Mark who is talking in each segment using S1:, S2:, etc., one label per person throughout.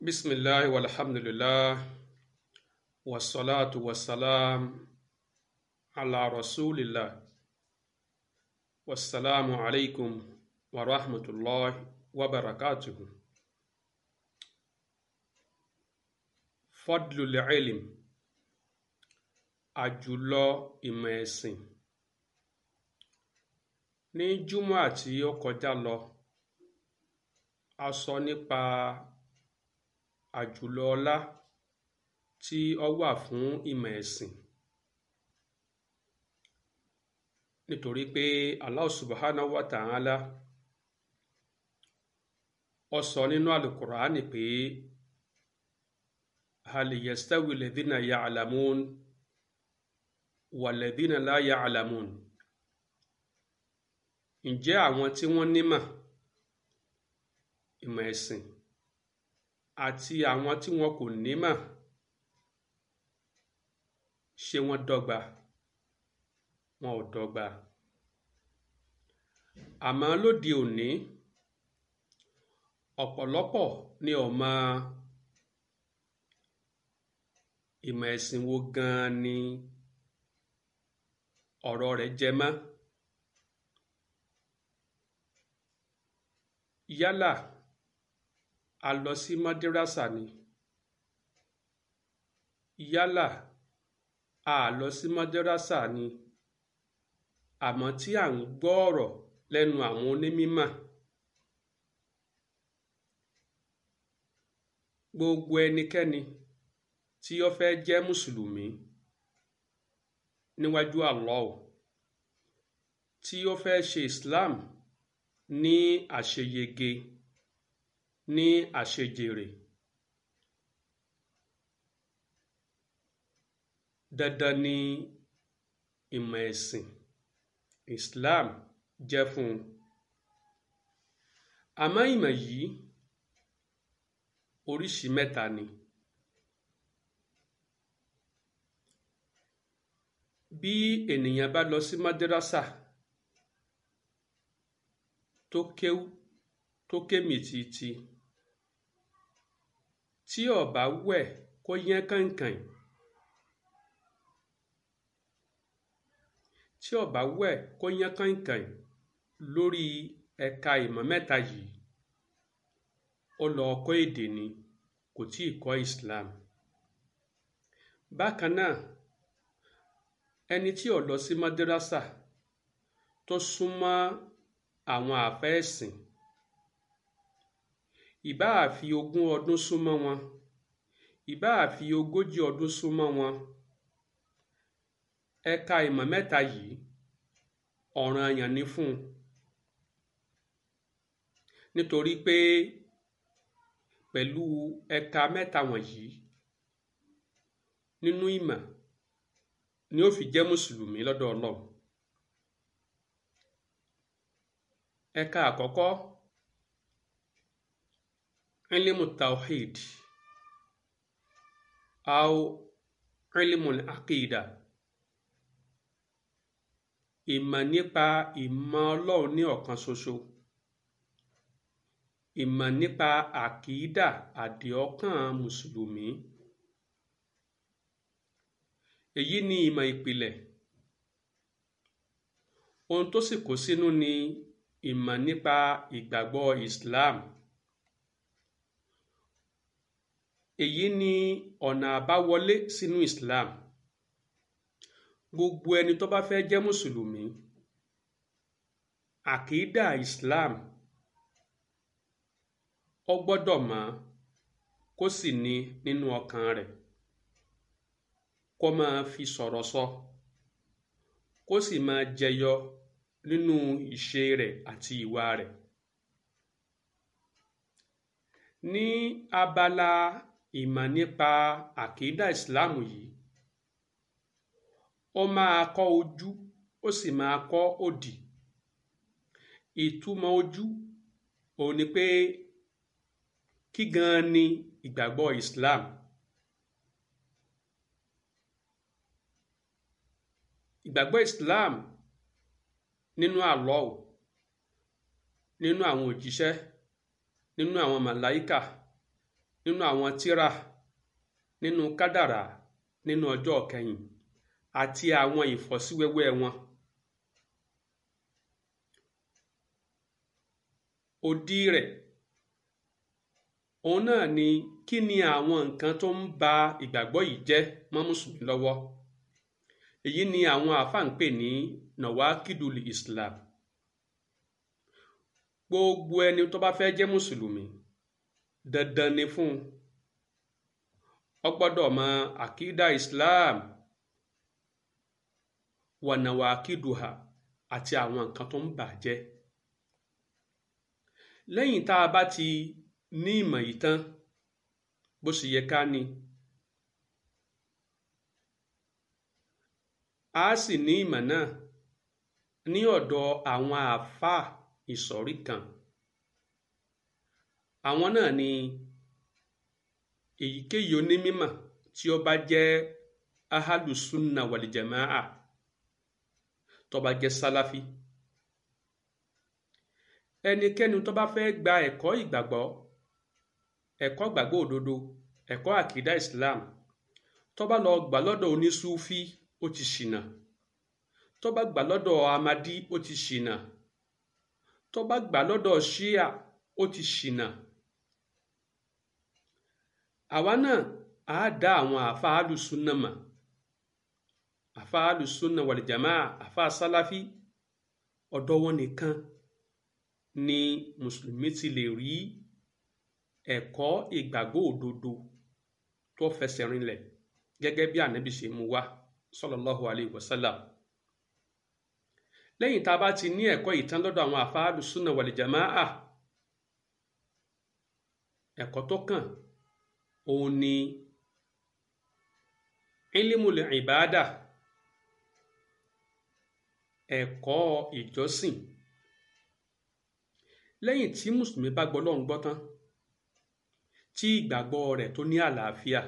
S1: bisimilahi walhamdulilah wasalaatu wasalaam ala rasulillah wasalaamu alaykum wa rahmatulahi wa barakatuhu. fadlul ilm àjùlọ ìmọ̀ ẹ̀sìn ní júmọ́ àti ó kọjá lọ a sọ nípa àjùlọ ọlá tí ó wà fún ìmọ̀ ẹ̀sìn nítorí pé Allah subhanahu wa ta'ala ó sọ nínú alukur'ani pé hal yastawi ladhina ya'lamun wa ladhina la ya'lamun ǹjẹ́ àwọn tí wọ́n nímọ̀ ìmọ̀ ẹ̀sìn àti àwọn tí wọn kò nímọ̀ ṣé wọ́n dọ́gba wọn ò dọ́gba àmọ́ lóde òní ọ̀pọ̀lọpọ̀ ni ọmọ ìmọ̀ ẹ̀sìn wo gan ni ọ̀rọ̀ rẹ̀ jẹ mọ́ yálà a lọ sí mọdírásà ni yálà a lọ sí mọdírásà ni àmọ́ tí à ń gbọ́ ọ̀rọ̀ lẹ́nu àwọn onímímọ̀ gbogbo ẹnikẹ́ni tí ó fẹ́ jẹ́ mùsùlùmí níwájú Allah tí ó fẹ́ ṣe Islam ní àṣeyege ní àṣejèrè dandan ni ìmọ̀ ẹ̀sìn Islam jẹ́ fún un àmọ́ ìmọ̀ yìí oríṣi mẹ́ta ni bí ènìyàn bá lọ sí madrasa tó kéwú tó títí. tí ọba bá wẹ̀ kó yẹ kàìnkàìn tí ó bá kó yán lórí ẹka ìmọ̀ mẹta yìí ó lọ kọ́ èdè ni kò tí ì kọ Islam bákan náà ẹni tí ọ lọ sí madrasa tó súnmọ́ àwọn àfẹ́ẹ̀sìn ìbáà fi ogún ọdún súnmọ́ wọn ìbáà fi ogójì ọdún súnmọ́ wọn ẹ̀ka ìmọ̀ mẹ́ta yìí ọ̀ranyàn ni fún un nítorí pé pẹ̀lú ẹ̀ka mẹ́ta wọ̀nyí nínú ìmọ̀ ni ó fi jẹ́ mùsùlùmí lọ́dọ̀ Ọlọ́run ẹ̀ka àkọ́kọ́ علم التوحيد أو علم العقيدة ìmọ̀ nípa ìmọ̀ ọlọ́run ní ọ̀kan ṣoṣo ìmọ̀ nípa àkìídà àdìọ́kàn mùsùlùmí èyí ni ìmọ̀ ìpìlẹ̀ ohun tó sì kó sínú ni ìmọ̀ nípa ìgbàgbọ́ Islam. èyí ni ọ̀nà àbáwọlé sínú Islam gbogbo ẹni tó bá fẹ́ jẹ́ mùsùlùmí àkídà Islam ó gbọ́dọ̀ mọ̀ kó sì ní nínú ọkàn rẹ̀ kó máa fi sọ̀rọ̀ sọ kó sì máa jẹyọ nínú ìṣe rẹ̀ àti ìwà rẹ̀ ní abala Ìmọ̀ nípa àkídà ìsìláàmù yìí ó máa kọ́ ojú ó sì máa kọ́ òdì ìtumọ̀ ojú òun ni pé kí gan ni ìgbàgbọ́ Islam ìgbàgbọ́ Islam nínú Allah nínú àwọn òjíṣẹ́ nínú àwọn màláíkà nínú àwọn tírà nínú kádàrá nínú ọjọ́ kẹyìn àti àwọn ìfọ́síwẹ́wẹ́ wọn. òdì rẹ̀ òun náà ni kí ni àwọn nǹkan tó ń ba ìgbàgbọ́ yìí jẹ́ mọ́ mùsùlùmí lọ́wọ́ èyí ni àwọn àáfàá ń pè ní nawakidul Islam gbogbo ẹni tó bá fẹ́ jẹ́ mùsùlùmí dandan ni fún un ó gbọ́dọ̀ mọ Islam wọ̀nàwà Akiduha àti àwọn nǹkan tó ń bàjẹ́ lẹ́yìn tá a bá ti ní ìmọ̀ yìí tán bó sì yẹ ká ní a sì ní ìmọ̀ náà ní ọ̀dọ̀ àwọn àáfàá ìsọ̀rí kan. àwọn náà ni èyíkéyìí onímímọ̀ tí ó bá jẹ́ ahalusunna wàlìjàmáà tó bá jẹ́ sálàfí ẹnikẹ́ni tó bá fẹ́ gba ẹ̀kọ́ ìgbàgbọ́ ẹ̀kọ́ ìgbàgbọ́ òdodo ẹ̀kọ́ àkìdá Islam tó bá lọ gbà lọ́dọ̀ onísúfí ó ti ṣìnà tó bá gbà lọ́dọ̀ amadi ó ti ṣìnà tó bá gbà lọ́dọ̀ ṣíà ó ti ṣìnà àwa náà á dá àwọn àfa alùsùnà mà àfa alùsùnà wàlìjàmá àfa sálàfí ọ̀dọ̀ wọn nìkan ni mùsùlùmí ti lè rí ẹ̀kọ́ ìgbàgbọ́ òdodo tó fẹsẹ̀ rinlẹ̀ gẹ́gẹ́ bí ànábì ṣe mú wá sallallahu alayhi wa sallam lẹ́yìn tá a bá ti ní ẹ̀kọ́ ìtàn lọ́dọ̀ àwọn àfa alùsùnà wàlìjàmá à tó kàn òun ni ilimul ibada ẹ̀kọ́ ìjọsìn lẹ́yìn tí mùsùlùmí bá gbọ́ lọ́hùn gbọ́ tán tí ìgbàgbọ́ rẹ̀ tó ní àlàáfíà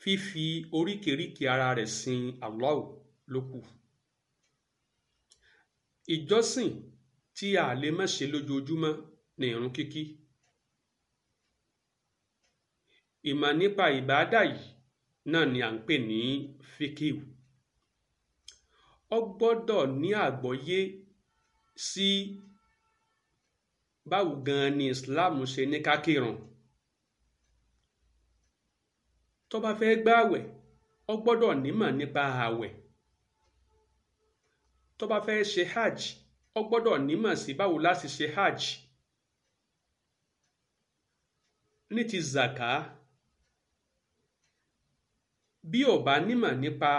S1: fífi oríkèéríkèé ara rẹ̀ sin Allah ló kù ìjọsìn tí a lè má ṣe ní ìrun kíkí ìmọ̀ nípa ìbáàdà yìí náà ni à ń pè ní fíkìw ọ gbọ́dọ̀ ní àgbọ́yé sí báwo gan ni Islam ṣe ní ká kírun tó bá fẹ́ gbààwẹ̀ ọ gbọ́dọ̀ nímọ̀ nípa ààwẹ̀ tó bá fẹ́ ṣe hajj ọ gbọ́dọ̀ nímọ̀ sí báwo láti ṣe hajj ní ti zaka bí ò bá nímọ̀ nípa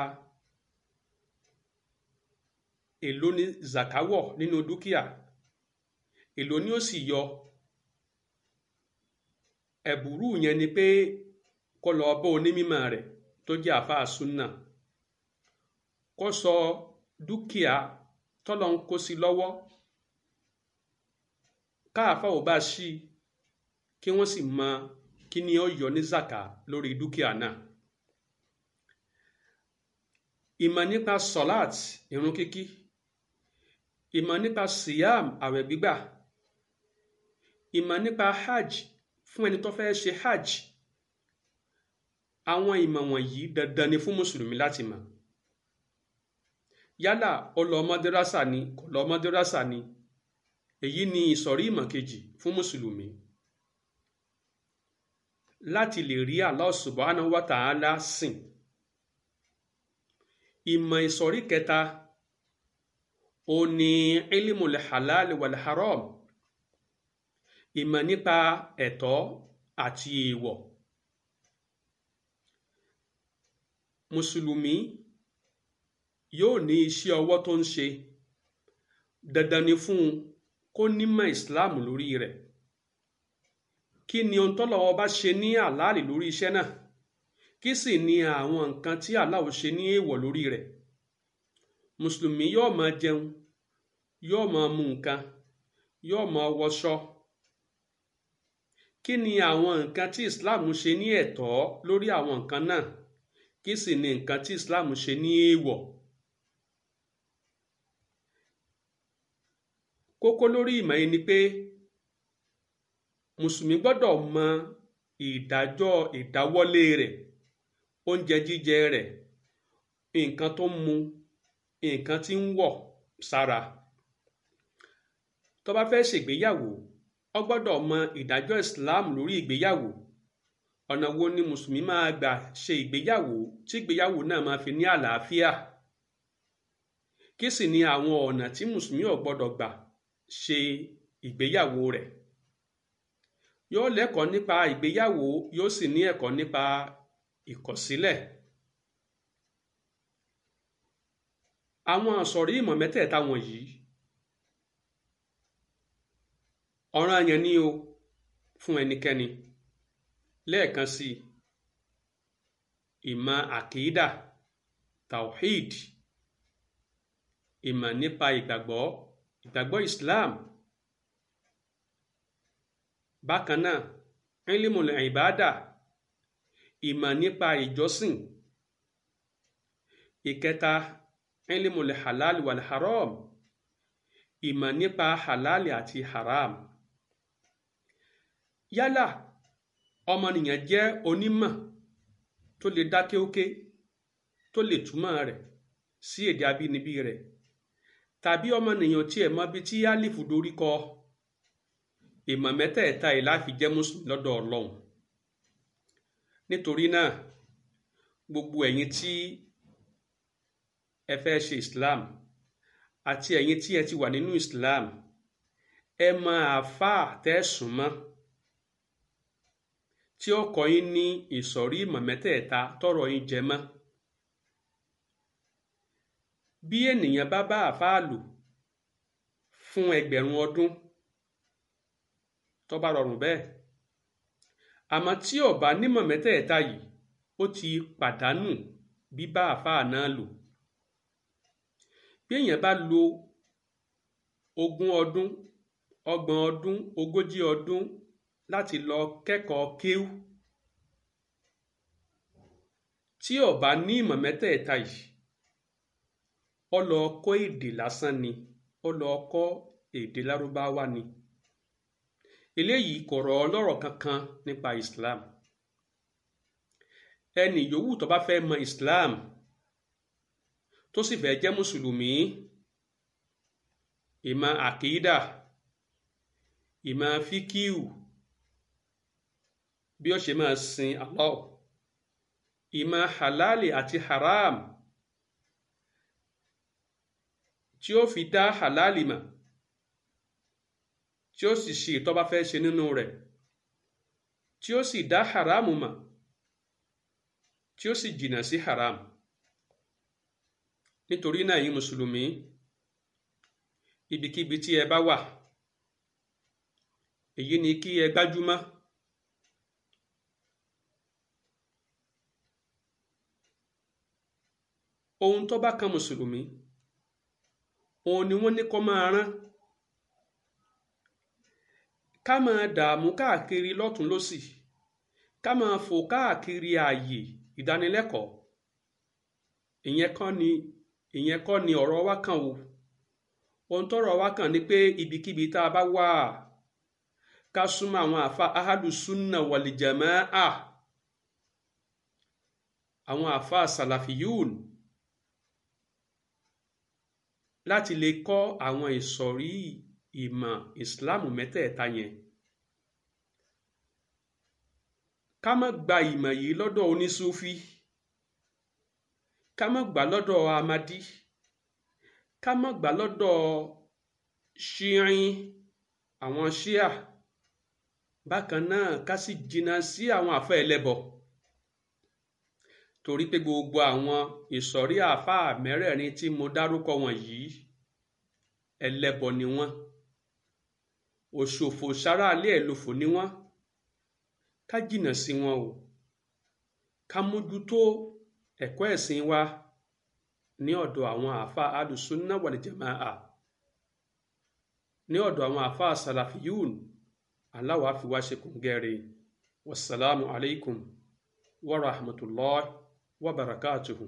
S1: èló ni zaka wọ̀ nínú dúkìá èló ni ó sì yọ ẹ̀bùrú yẹn ni pé kó lọ bá onímọ̀ rẹ̀ tó jẹ́ àfáà súnà kó sọ dúkìá tọ́lọ́ ń kó sí lọ́wọ́ káàfà ò bá sí kí wọ́n sì mọ kí ni ó yọ ní zaka lórí dúkìá náà ìmọ̀ nípa sọ̀láàt irun kíkí ìmọ̀ nípa siam àwẹ̀ gbígbà ìmọ̀ nípa hajj fún ẹni tó fẹ́ ṣe hajj àwọn ìmọ̀ wọ̀nyí dandan ni fún mùsùlùmí láti mọ̀ yálà ó ni kò lọ mọ́dẹ́rásà ni èyí ni ìsọ̀rí ìmọ̀ kejì fún mùsùlùmí láti lè rí Allah subhanahu wa ta'ala sìn ìmọ̀ ìsọ̀rí kẹta ó ní ilimul halal wal haram ìmọ̀ nípa ẹ̀tọ́ àti èèwọ̀ mùsùlùmí yóò ní iṣẹ́ ọwọ́ tó ń ṣe dandan ni fún un kó nímọ̀ islam lórí rẹ̀ kí ni ohun tọ́lọ́wọ́ bá ṣe ní àlàálì lórí iṣẹ́ náà kí sì ni àwọn nǹkan tí aláwo ṣe ní èèwọ̀ lórí rẹ̀ mùsùlùmí yóò máa jẹun yóò máa mu nǹkan yóò máa wọṣọ kí ni àwọn nǹkan tí islam ṣe ní ẹ̀tọ́ lórí àwọn nǹkan náà kí sì ni nǹkan tí islam ṣe ní èèwọ̀ kókó lórí ìmọ̀ yìí ni pé mùsùlùmí gbọ́dọ̀ mọ ìdájọ́ ìdáwọ́lé rẹ̀ oúnjẹ jíjẹ rẹ̀ nǹkan tó ń mu nǹkan tí ń wọ̀ sára tó bá fẹ́ ṣègbéyàwó ó gbọ́dọ̀ mọ ìdájọ́ Islam lórí ìgbéyàwó ọ̀nà wo ni mùsùlùmí máa gbà ṣe ìgbéyàwó tí ìgbéyàwó náà máa fi ní àlàáfíà kí sì ni àwọn ọ̀nà tí mùsùlùmí ò gbọ́dọ̀ gbà ṣe ìgbéyàwó rẹ̀ yóò lẹ́kọ̀ọ́ nípa ìgbéyàwó yóò sì ní ẹ̀kọ́ nípa Ìkọ̀sílẹ̀ àwọn àsọ̀rí ìmọ̀ mẹ́tẹ̀ẹ̀ta wọ̀nyí ọ̀ranyàn ni o fún ẹnikẹ́ni lẹ́ẹ̀kan sí ìmọ̀ àkídà tawhid ìmọ̀ nípa ìgbàgbọ́ ìgbàgbọ́ Islam bákan náà ilmul ibada ìmọ̀ nípa ìjọsìn ìkẹta ilimul halal wal haram ìmọ̀ nípa halal àti haram yálà ọmọnìyàn jẹ́ onímọ̀ tó lè dákéóké tó lè túmọ̀ rẹ̀ sí èdè abínibí rẹ̀ tàbí ọmọnìyàn tí ẹ̀ mọ bí tí alifu dorí kọ ìmọ̀ mẹ́tẹ̀ẹ̀ta yìí jẹ́ mùsùlùmí lọ́dọ̀ ọlọ́run nítorí náà gbogbo ẹ̀yin tí ẹ fẹ́ ṣe Islam àti ẹ̀yin tí ẹ ti wà nínú Islam ẹ mọ àáfàá tẹ́sùn mọ́ tí ó kọ́ yín ní ìsọ̀rí ìmọ̀ mẹ́tẹ̀ẹ̀ta tọ́rọ̀ yín jẹ mọ́ bí ènìyàn bá bá àáfàá lò fún ẹgbẹ̀rún ọdún tó bá rọrùn bẹ́ẹ̀ àmọ́ tí ó bá nímọ̀ mẹ́tẹ̀ẹ̀ta yìí ó ti pàdánù bíbá àfáà náà lò bí èèyàn bá lo ogún ọdún ọgbọ̀n ọdún ogójì ọdún láti lọ kẹ́kọ̀ọ́ kéwú tí ó bá ní ìmọ̀ mẹ́tẹ̀ẹ̀ta yìí ó lọ kọ́ èdè lásán ni ó lọ kọ́ èdè lárúbáwá ni eléyìí kò rọ̀ ọ́ lọ́rọ̀ kankan nípa Islam ẹnì yòówù tó bá fẹ́ mọ Islam tó sì fẹ́ jẹ́ mùsùlùmí ìmọ̀ àkídà ìmọ̀ fíkíù bí ó ṣe máa sin Allah ìmọ̀ halali àti haram tí ó fi dá halali mọ̀. tí ó sì ṣe ìtọ́ba fẹ́ ṣe nínú rẹ̀ tí ó sì dá haramu mà tí ó sì jìnnà sí haramu nítorí náà yín mùsùlùmí ibikíbi tí ẹ bá wà èyí ni kí ẹ gbájúmọ́ ohun tó bá kan mùsùlùmí òun ni wọ́n ní kó máa rán. ká máa dààmú káàkiri lọ́tún lọ́sì ká máa fò káàkiri ààyè ìdánilẹ́kọ̀ọ́ ìyẹn kọ́ ni ìyẹn kọ́ ni ọ̀rọ̀ wa kàn o ohun tọ́rọ̀ wa kàn ni pé ibikíbi tá a bá wà ká súnmọ́ àwọn àfa ahadùsúnà wàlìjàmá à àwọn àfa sàlàfíyùn láti lè kọ́ àwọn ìsọ̀rí yìí ìmọ̀ ìsìláàmù mẹ́tẹ̀ẹ̀ta yẹn ká má gba ìmọ̀ yìí lọ́dọ̀ onísúfí ká má gbà lọ́dọ̀ amadi ká má gbà lọ́dọ̀ ṣírin àwọn ṣíà bákan náà ká sì jìnnà sí àwọn àfa ẹlẹ́bọ torí pé gbogbo àwọn ìsọ̀rí àfa mẹ́rẹ̀ẹ̀rin tí mo dárúkọ wọn ẹlẹ́bọ ni wọ́n òṣòfò sáráalé ẹ̀ lòfò ni wọ́n ká jìnnà sí wọn o ká mójútó ẹ̀kọ́ ẹ̀sìn wa ní ọ̀dọ̀ àwọn àfa alùsùnà wàlìjàmáà ní ọ̀dọ̀ àwọn àfa sàlàfíyùn Allah wá fi wá ṣe kòǹgẹ́rẹ́ wasalaamu alaykum wa rahmatulahi wa barakatuhu.